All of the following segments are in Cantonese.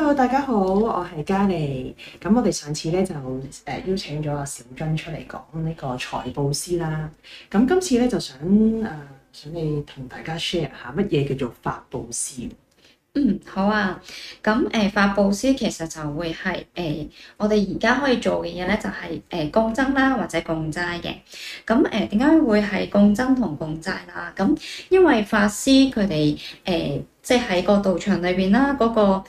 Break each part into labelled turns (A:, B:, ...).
A: hello，大家好，我係嘉莉，咁我哋上次咧就誒邀請咗阿小張出嚟講呢個財布施啦，咁今次咧就想誒、呃、想你同大家 share 下乜嘢叫做法布施，嗯好啊。咁誒、呃、法布施其
B: 實就會係誒、呃、我哋而家可以做嘅嘢咧就係、是、誒、呃、供僧啦或者供齋嘅。咁誒點解會係供僧同供齋啦？咁因為法師佢哋誒即係喺個道場裏邊啦嗰個。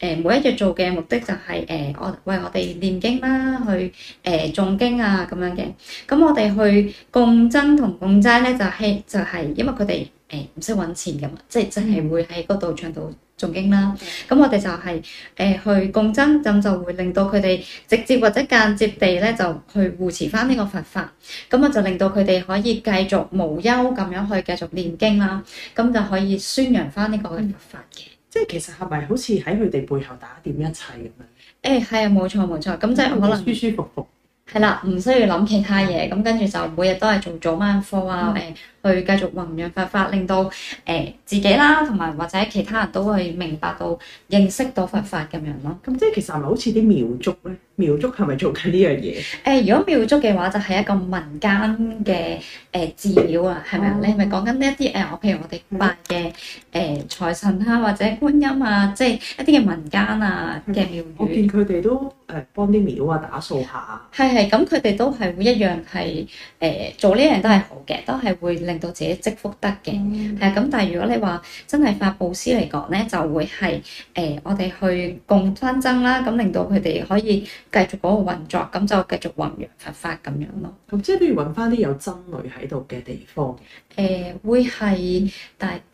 B: 誒每一日做嘅目的就係、是、誒、呃、我為我哋念經啦，去誒誦、呃、經啊咁樣嘅。咁我哋去供僧同供齋咧，就係、是、就係、是、因為佢哋誒唔識揾錢咁，即係真係會喺嗰度唱到誦經啦。咁、嗯、我哋就係、是、誒、呃、去供僧，咁就會令到佢哋直接或者間接地咧就去護持翻呢個佛法。咁啊就令到佢哋可以繼續無憂咁樣去繼續念經啦，咁就可以宣揚翻呢個佛法嘅。嗯
A: 即係其實係咪好似喺佢哋背後打點一切
B: 咁樣？誒係啊，冇錯冇錯，咁、嗯嗯、即係可能舒舒服服係啦，唔需要諗其他嘢，咁、嗯、跟住就每日都係做早晚課啊，誒、嗯呃、去繼續弘揚佛法，法，令到誒、呃、自己啦，同埋或者其他人都會明白到、認識到佛法咁樣咯。咁、嗯
A: 嗯、即係其實係咪好似啲苗族咧？廟祝係咪做緊呢樣
B: 嘢？誒、呃，如果廟祝嘅話，就係、是、一個民間嘅誒寺廟啊，係咪啊？哦、你係咪講緊呢一啲我、呃、譬如我哋拜嘅誒財神啊，或者觀音啊，即係一啲嘅民間啊嘅廟宇。嗯、妙我見
A: 佢哋都誒幫啲廟啊打掃下。係係、
B: 嗯，咁佢哋都係會一樣係誒做呢樣都係好嘅，都係會令到自己積福德嘅。係、嗯、咁，但係如果你話真係法布施嚟講咧，就會係誒、呃、我哋去供香燈啦，咁令到佢哋可以。繼續嗰個運作，咁就繼續弘揚佛法咁樣咯。即係比如揾翻啲有僧侶喺度嘅地方，誒、呃、會係誒、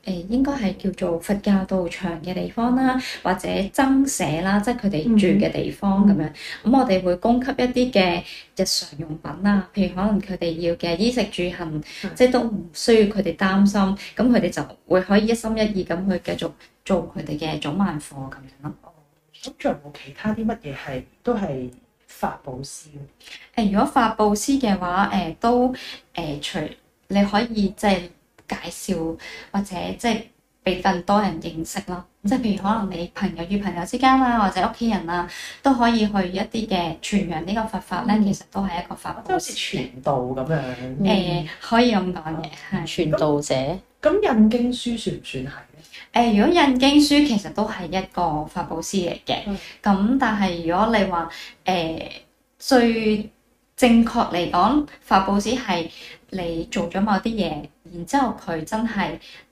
B: 呃、應該係叫做佛教道場嘅地方啦，或者僧舍啦，即係佢哋住嘅地方咁樣。咁、嗯、我哋會供給一啲嘅日常用品啦，譬如可能佢哋要嘅衣食住行，的即係都唔需要佢哋擔心，咁佢哋就會可以一心一意咁去繼續做佢哋嘅早晚課咁樣咯。咁仲有冇其他啲乜嘢係都係法布施啊？如果法布施嘅話，誒、呃、都誒，除、呃、你可以即係介紹或者即係俾更多人認識咯。即係、嗯、譬如可能你朋友與朋友之間啦，或者屋企人啦，都可以去一啲嘅傳揚呢個佛法咧。其實都係一個法布施都好似
C: 傳道咁樣。誒、嗯
B: 呃，可以咁講嘅。係。Okay.
C: 傳道者。
B: 咁印經書算唔算係？誒、呃，如果印經書其實都係一個法布施嚟嘅，咁、嗯、但係如果你話誒、呃、最正確嚟講，法布施係你做咗某啲嘢，然之後佢真係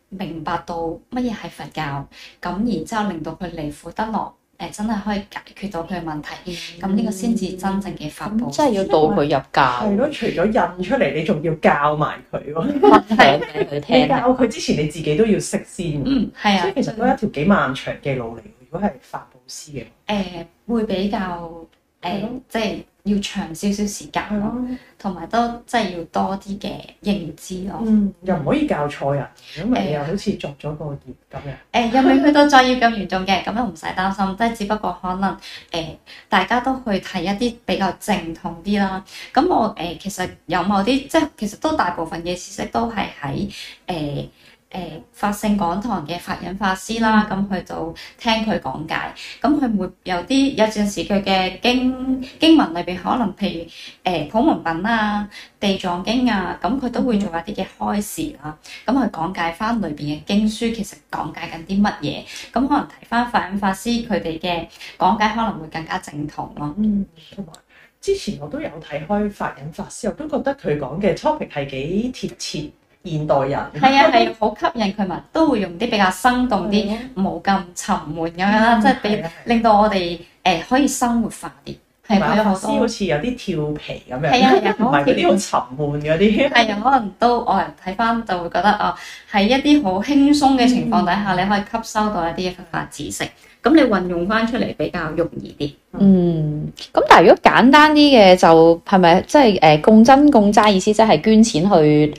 B: 明白到乜嘢係佛教，咁然之後令到佢離苦得樂。誒，真係可以解決到佢嘅問題，咁呢、嗯、個先至
A: 真正嘅發布施，咁即係要導佢入教。係咯，除咗印出嚟，你仲要教埋佢喎。係。 你教佢之前，你自己都要識先。嗯，係啊。所以其實都一條幾漫長嘅路嚟。如果係法布施嘅。誒、
B: 呃，會比較誒，呃、的即係。要長少少時間咯，同埋、啊、都即係要多啲嘅認知咯。嗯，又唔可以
A: 教錯人，咁誒好似作咗個業咁樣嘅。
B: 誒又未去到作業咁嚴重嘅，咁樣唔使擔心。即係只不過可能誒、呃，大家都去睇一啲比較正統啲啦。咁我誒、呃、其實有某啲即係其實都大部分嘅知識都係喺誒。呃誒、欸、法性講堂嘅法忍法師啦，咁佢就聽佢講解，咁佢會有啲有陣時佢嘅經經文裏邊，可能譬如誒、欸《普門品》啊、《地藏經》啊，咁佢都會做一啲嘅開示啦，咁去講解翻裏邊嘅經書，其實講解緊啲乜嘢，咁可能睇翻法忍法師佢哋嘅講解，可能
A: 會更加正統咯。嗯，同埋之前我都有睇開法忍法師，我都覺得佢講嘅 topic 係幾貼切。現代人係啊，係好吸引佢嘛，都
B: 會用啲比較生動啲，冇咁沉悶咁樣啦。即係俾令到我哋誒可以生活化啲。
A: 係，啲學生好似有啲調皮咁樣，唔係呢種沉悶嗰啲。係啊，
B: 可能都我係睇翻就會覺得哦，喺一啲好輕鬆嘅情況底下，你可以吸收到一啲嘅佛法知識，咁你運用翻出嚟比較容易啲。嗯，
C: 咁但係如果簡單啲嘅就係咪即係誒共真共齋意思即係捐錢去誒？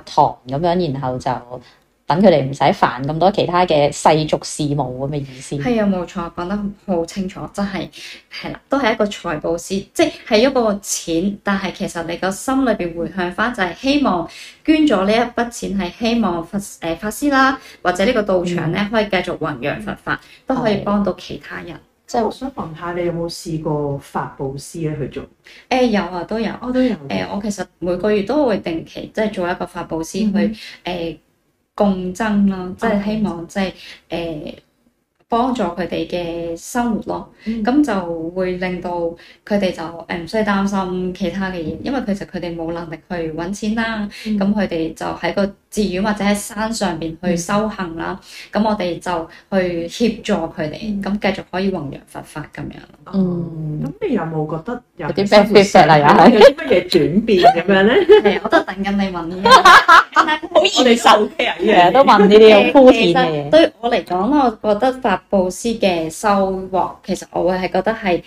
C: 堂咁樣，然後就等佢哋唔使煩咁多其他嘅世俗事務咁嘅意思。係啊，
B: 冇錯，講得好清楚，真係係啦，都係一個財布施，即係一個錢，但係其實你個心裏邊回向翻就係希望捐咗呢一筆錢係希望法誒、呃、法師啦，或者呢個道場咧、嗯、可以繼續弘揚佛法，都可以幫到其他人。即係我想問下你有冇試過法布施咧，去做、呃？有啊，都有，我都有、啊呃。我其實每個月都會定期即係做一個法布施去誒、嗯呃、共增咯，即係希望、oh. 即係誒。呃幫助佢哋嘅生活咯，咁就會令到佢哋就誒唔需要擔心其他嘅嘢，因為其實佢哋冇能力去搵錢啦，咁佢哋就喺個寺院或者喺山上邊去修行啦，咁我哋就去協助佢哋，咁繼續可以弘揚佛法咁樣。嗯，咁
A: 你有冇覺得有啲咩變化啊？有啲乜嘢轉變咁樣咧？
B: 我都等緊你問啊， 好嚴受嚴肅嘅，原來都， 都問呢啲好膚淺嘅嘢。對我嚟講咧，我覺得布施嘅收穫，其實我會係覺得係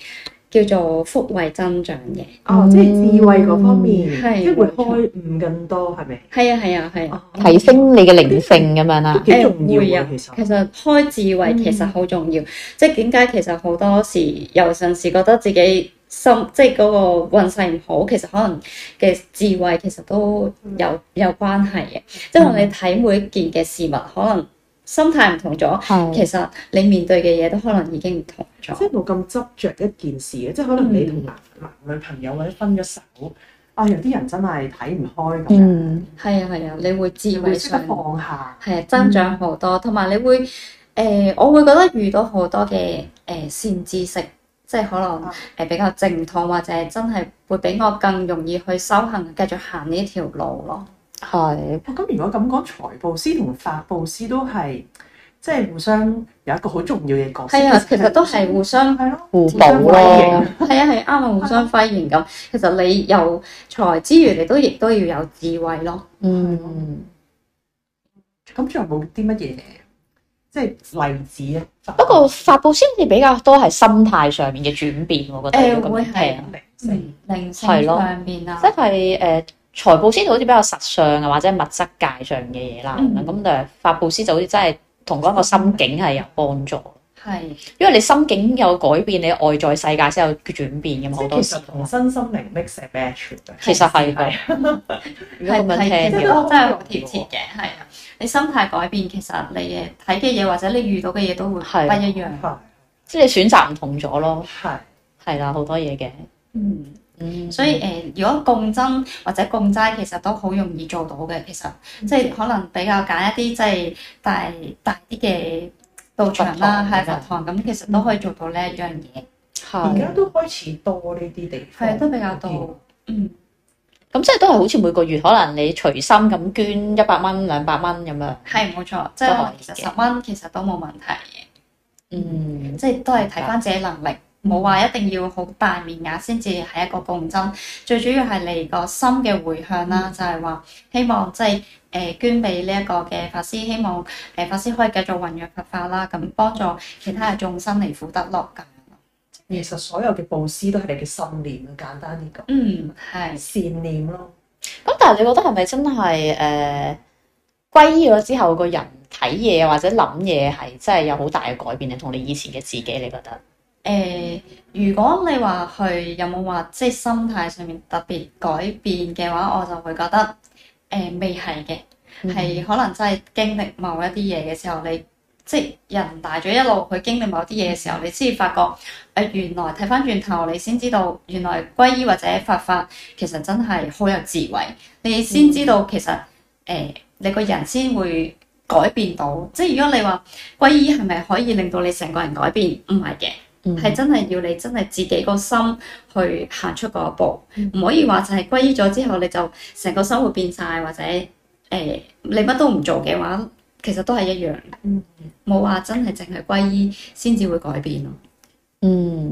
B: 叫做福慧增長嘅。哦，
A: 即係智慧嗰方面，即係、嗯、
B: 會開悟更多，係咪？係啊係啊係，啊啊提
C: 升你嘅靈性咁樣啦。幾、啊、重要
B: 啊會實！其實其實開智慧其實好重要，嗯、即係點解其實好多時有陣時覺得自己心即係嗰個運勢唔好，其實可能嘅智慧其實都有有關係嘅。即係我哋睇每一件嘅事物，可能。心態唔同咗，的其實你面對嘅嘢都可能已經唔同咗，即係冇咁執
A: 着一件事嘅，即係可能你同男男女朋友或者分咗手，嗯、啊有啲人真係睇唔開咁樣，係啊係啊，你會智慧上放下，係啊增長好
B: 多，同埋、嗯、你會誒、呃，我會覺得遇到好多嘅誒善知識，即係可能係比較正統或者係真係會比我更容易去修行，繼續
A: 行呢條路咯。嗯係，咁如果咁講，財布施同法布施都係即係互相有一個好重要嘅角色。係啊，其實都係互相係咯，互補咯。
B: 係啊，係啱啊，互相輝映咁。其實你有財之餘，你都
C: 亦都要有智慧咯。嗯、
A: 啊，咁仲有冇啲乜嘢
C: 即係例子啊？不過法布施好似比較多係心態上面嘅轉變，我覺得誒會係，嗯，靈性上面啊，啊即係誒。呃財布施就好似比較實相嘅，或者物質界上嘅嘢啦。咁誒、嗯，法布施就好似真係同嗰個心境係有幫助。
A: 係
C: 是，因為你心境有改變，你外在世界先有轉變，咁好多係其實同
A: 身心靈 mix a match。其實係。係係，其實
C: 都真係好貼切嘅。係啊，你心
B: 態改變，其實你嘅睇嘅嘢或者你遇到嘅嘢都會不一樣。即係你選擇唔同咗咯。係係啦，好多嘢嘅。嗯。嗯、所以誒、呃，如果供僧或者供齋，其實都好容易做到嘅。其實即係可能比較揀一啲即係大大啲嘅道場啦，喺佛堂咁，堂嗯、其實都可以做到呢一樣嘢。而
C: 家、嗯、是都
A: 開始多呢啲地方，係都比較多。嗯，
C: 咁即係都係好似每個月可能你隨心咁捐一百蚊、兩百蚊咁樣。係冇錯，即係十
B: 蚊其實都冇問題。嗯，嗯，
C: 即
B: 係都係睇返自己能力。冇話一定要好大面額先至係一個共振，最主要係你個心嘅回向啦。就係、是、話希望即係誒捐俾呢一個嘅法師，希望誒法
A: 師可以繼續雲養佛法啦，咁幫助其他嘅眾生離苦得樂噶。其實所有嘅布施都係你嘅心念，簡單啲講，嗯係善念咯。
C: 咁但係你覺得係咪真係誒皈依咗之後，個人睇嘢或者諗嘢係真係有好大嘅改變咧？同你以前嘅自己，你覺得？誒、
B: 呃，如果你話佢有冇話即係心態上面特別改變嘅話，我就會覺得誒、呃、未係嘅，係、嗯、可能真係經歷某一啲嘢嘅時候，你即係人大咗一路去經歷某啲嘢嘅時候，你先發覺誒、呃，原來睇翻轉頭，你先知道原來皈依或者佛法其實真係好有智慧，你先知道其實誒、嗯呃、你個人先會改變到。即係如果你話皈依係咪可以令到你成個人改變？唔係嘅。係真係要你真係自己個心去行出一步，唔可以話就係歸依咗之後你就成個生活變晒或者誒、呃、你乜都唔做嘅話，其實都係一樣，冇話真係淨係歸依先至會改變咯。嗯，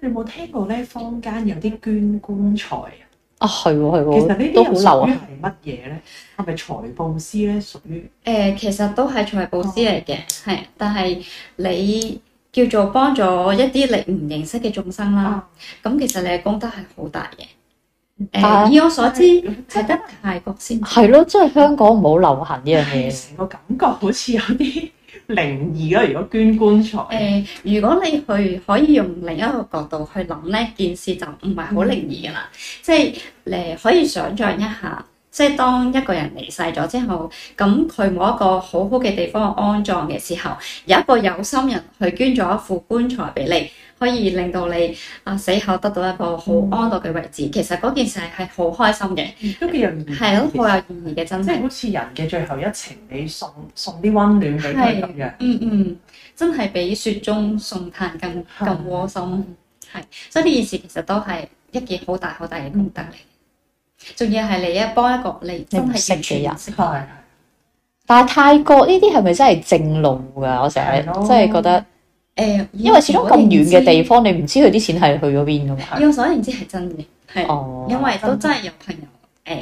B: 你
A: 有冇聽過咧？坊間有啲捐棺材啊？啊係喎係喎，啊啊、其實呢啲又屬於係乜嘢咧？係咪財布施咧？屬於誒，其實都係財布
B: 施嚟嘅，係、啊，但係你。叫做幫咗一啲你唔認識嘅眾生啦，咁、啊、其實你嘅功德係好大嘅。誒、
A: 呃，啊、以我
B: 所知係得泰國先。係
A: 咯，即係香港冇流行呢樣嘢。成個感
B: 覺好似有啲靈異啊，如果捐棺材。誒、呃，如果你去可以用另一個角度去諗咧，件事就唔係好靈異噶啦。嗯、即係誒、呃，可以想像一下。即係當一個人離世咗之後，咁佢冇一個好好嘅地方安葬嘅時候，有一個有心人去捐咗一副棺材俾你，可以令到你啊死後得到一個好安樂嘅位置。其實嗰件事係好開心嘅，係咯、嗯，好有意義嘅，真係即係好似人嘅最後一程，你送送啲溫暖俾佢咁樣。嗯嗯，真係比雪中送炭更更窩心。係是，所以呢件事其實都係一件好大好大嘅功德嚟。嗯仲要係你一幫一個你真唔識嘅
C: 人，但係泰國呢啲係咪真係正路噶？我成日真係覺得，誒、嗯，因為始終咁遠嘅地方，嗯、你唔知佢啲錢係去咗邊噶嘛？要所
B: 認知係真嘅，係的，哦、
C: 因為都真係
B: 有朋友，誒、嗯，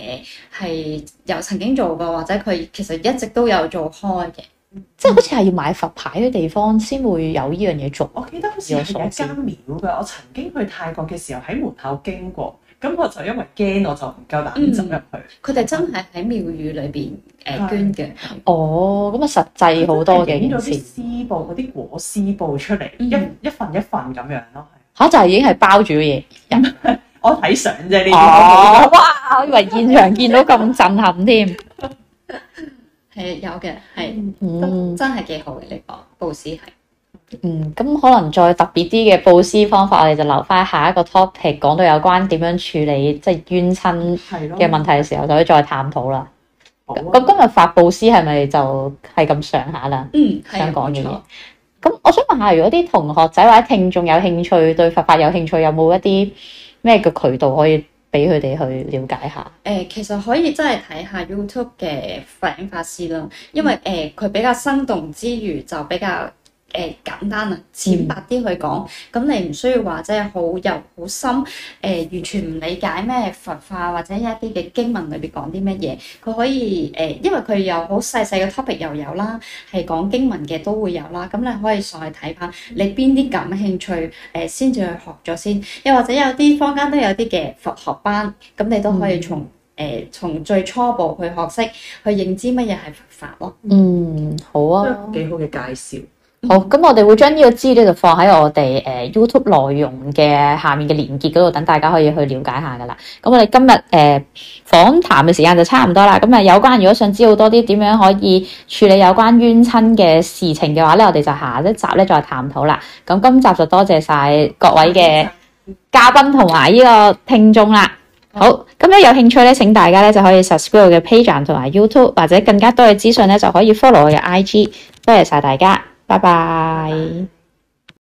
B: 係、呃、有曾經做過，或者佢其實一直都有做開嘅，嗯、即係
C: 好似係要買佛牌嘅地方先會有呢樣嘢做。我記得當時係一間
A: 廟嘅，我曾經去泰國嘅時候喺門口經過。咁我就因為驚，我就唔夠膽執入去。佢哋真係喺廟宇裏邊誒捐嘅。哦，咁啊實際好多嘅。呢度啲絲布嗰啲果絲布出嚟，一一份一份咁樣咯。嚇，就
C: 係已經係包住嘅嘢。我睇
A: 相啫，呢啲。哦，哇！
C: 我以為現場見到咁震撼添。係 有嘅，係、嗯、真真
B: 係幾好嘅呢、呢個布施係。
C: 嗯，咁可能再特別啲嘅布施方法，我哋就留翻下，下一個 topic，講到有關點樣處理即係、就是、冤親嘅問題嘅時候，的就可以再探討啦。咁、啊、今日法布施係咪就係咁、就是、上下啦？嗯，想係。咁錯我想問下，如果啲同學仔或者聽眾有興趣，對佛法有興趣，有冇一啲咩嘅渠道可以俾佢哋去了解下？
B: 誒，其實可以真係睇下 YouTube 嘅法忍法師啦，因為誒佢、嗯呃、比較生動之餘就比較。誒、呃，簡單啊，淺白啲去講，咁、嗯、你唔需要話即係好又好深，誒、呃，完全唔理解咩佛法或者一啲嘅經文裏邊講啲乜嘢，佢可以誒、呃，因為佢有好細細嘅 topic 又有啦，係講經文嘅都會有啦，咁你可以上去睇下，你邊啲感興趣誒、呃，先至去學咗先，又或者有啲坊間都有啲嘅佛學班，咁你都可以從誒，從、嗯呃、最初步去學識，去認知乜嘢係佛法咯。
C: 嗯，好啊，
A: 幾、嗯、好嘅介紹。
C: 好咁，我哋會將呢個資料就放喺我哋誒、呃、YouTube 內容嘅下面嘅連結嗰度，等大家可以去了解下噶啦。咁我哋今日誒訪談嘅時間就差唔多啦。咁啊，有關如果想知道多啲點樣可以處理有關冤親嘅事情嘅話咧，我哋就下一集咧再探討啦。咁今集就多謝晒各位嘅嘉賓同埋呢個聽眾啦。好咁咧，有興趣咧，請大家咧就可以 subscribe 我嘅 page 同埋 YouTube，或者更加多嘅資訊咧就可以 follow 我嘅 IG。多謝晒大家。拜拜。